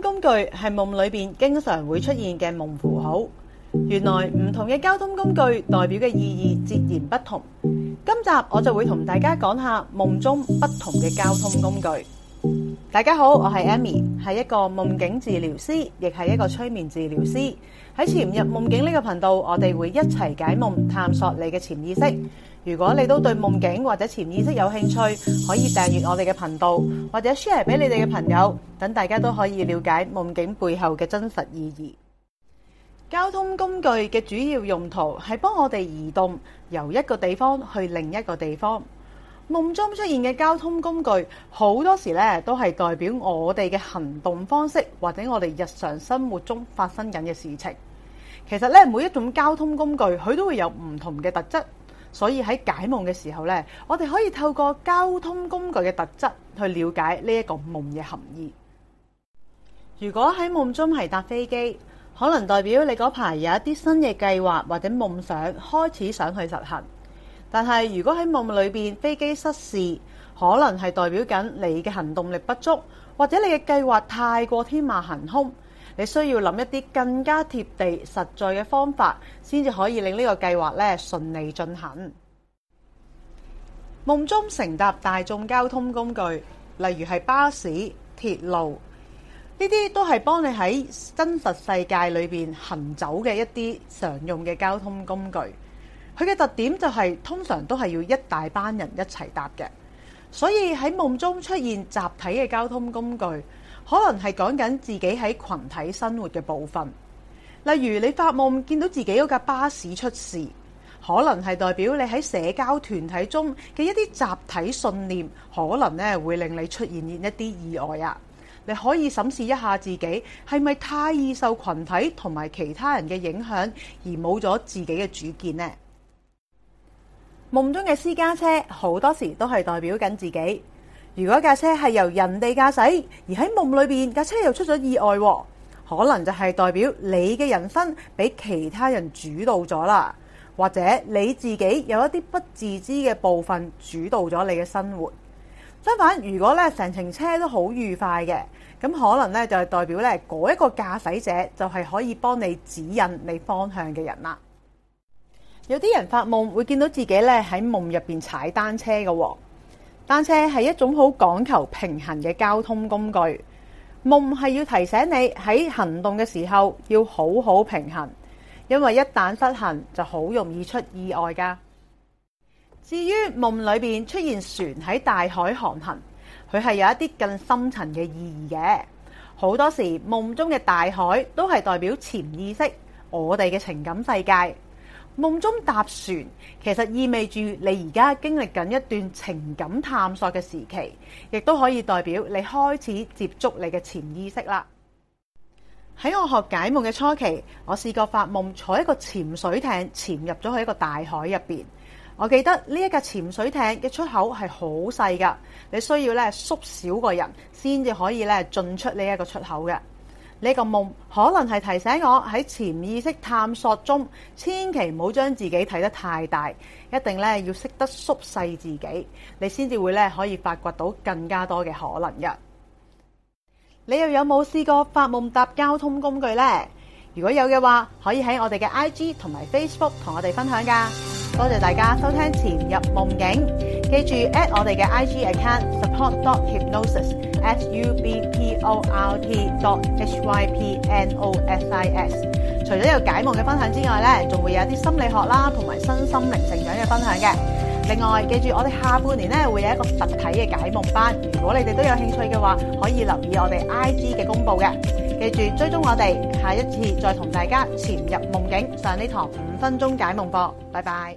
工具係夢裏邊經常會出現嘅夢符號，原來唔同嘅交通工具代表嘅意義截然不同。今集我就會同大家講下夢中不同嘅交通工具。大家好，我係 Amy，係一個夢境治療師，亦係一個催眠治療師。喺潛入夢境呢個頻道，我哋會一齊解夢，探索你嘅潛意識。如果你都對夢境或者潛意識有興趣，可以訂閱我哋嘅頻道，或者 share 俾你哋嘅朋友，等大家都可以了解夢境背後嘅真實意義。交通工具嘅主要用途係幫我哋移動，由一個地方去另一個地方。夢中出現嘅交通工具，好多時咧都係代表我哋嘅行動方式，或者我哋日常生活中發生緊嘅事情。其實咧每一種交通工具，佢都會有唔同嘅特質，所以喺解夢嘅時候咧，我哋可以透過交通工具嘅特質去了解呢一個夢嘅含義。如果喺夢中係搭飛機，可能代表你嗰排有一啲新嘅計劃或者夢想開始想去實行。但係，如果喺夢裏邊飛機失事，可能係代表緊你嘅行動力不足，或者你嘅計劃太過天馬行空。你需要諗一啲更加貼地、實在嘅方法，先至可以令呢個計劃咧順利進行。夢中乘搭大眾交通工具，例如係巴士、鐵路，呢啲都係幫你喺真實世界裏面行走嘅一啲常用嘅交通工具。佢嘅特點就係通常都係要一大班人一齊搭嘅，所以喺夢中出現集體嘅交通工具，可能係講緊自己喺群體生活嘅部分。例如你發夢見到自己嗰架巴士出事，可能係代表你喺社交團體中嘅一啲集體信念，可能咧會令你出現一啲意外啊！你可以審視一下自己係咪太易受群體同埋其他人嘅影響，而冇咗自己嘅主見呢？夢中嘅私家車好多時都係代表緊自己。如果架車係由人哋駕駛，而喺夢裏邊架車又出咗意外，可能就係代表你嘅人生俾其他人主導咗啦。或者你自己有一啲不自知嘅部分主導咗你嘅生活。相反，如果咧成程車都好愉快嘅，咁可能咧就係代表咧嗰一個駕駛者就係可以幫你指引你方向嘅人啦。有啲人發夢會見到自己咧喺夢入邊踩單車㗎喎，單車係一種好講求平衡嘅交通工具。夢係要提醒你喺行動嘅時候要好好平衡，因為一旦失衡就好容易出意外㗎。至於夢裏邊出現船喺大海航行，佢係有一啲更深層嘅意義嘅。好多時夢中嘅大海都係代表潛意識，我哋嘅情感世界。夢中搭船，其實意味住你而家經歷緊一段情感探索嘅時期，亦都可以代表你開始接觸你嘅潛意識啦。喺我學解夢嘅初期，我試過發夢坐一個潛水艇潛入咗去一個大海入邊。我記得呢一個潛水艇嘅出口係好細㗎，你需要咧縮小個人先至可以咧進出呢一個出口嘅。呢個夢可能係提醒我喺潛意識探索中，千祈唔好將自己睇得太大，一定咧要識得縮細自己，你先至會咧可以發掘到更加多嘅可能噶。你又有冇試過發夢搭交通工具呢？如果有嘅話，可以喺我哋嘅 IG 同埋 Facebook 同我哋分享噶。多謝大家收聽《潛入夢境》。記住 at 我哋嘅 IG account support dot hypnosis s u p p o r t dot h y p n o s i s。除咗有解夢嘅分享之外咧，仲會有啲心理學啦，同埋新心靈成長嘅分享嘅。另外，記住我哋下半年咧會有一個實體嘅解夢班，如果你哋都有興趣嘅話，可以留意我哋 IG 嘅公佈嘅。記住追蹤我哋，下一次再同大家潛入夢境，上呢堂五分鐘解夢課。拜拜。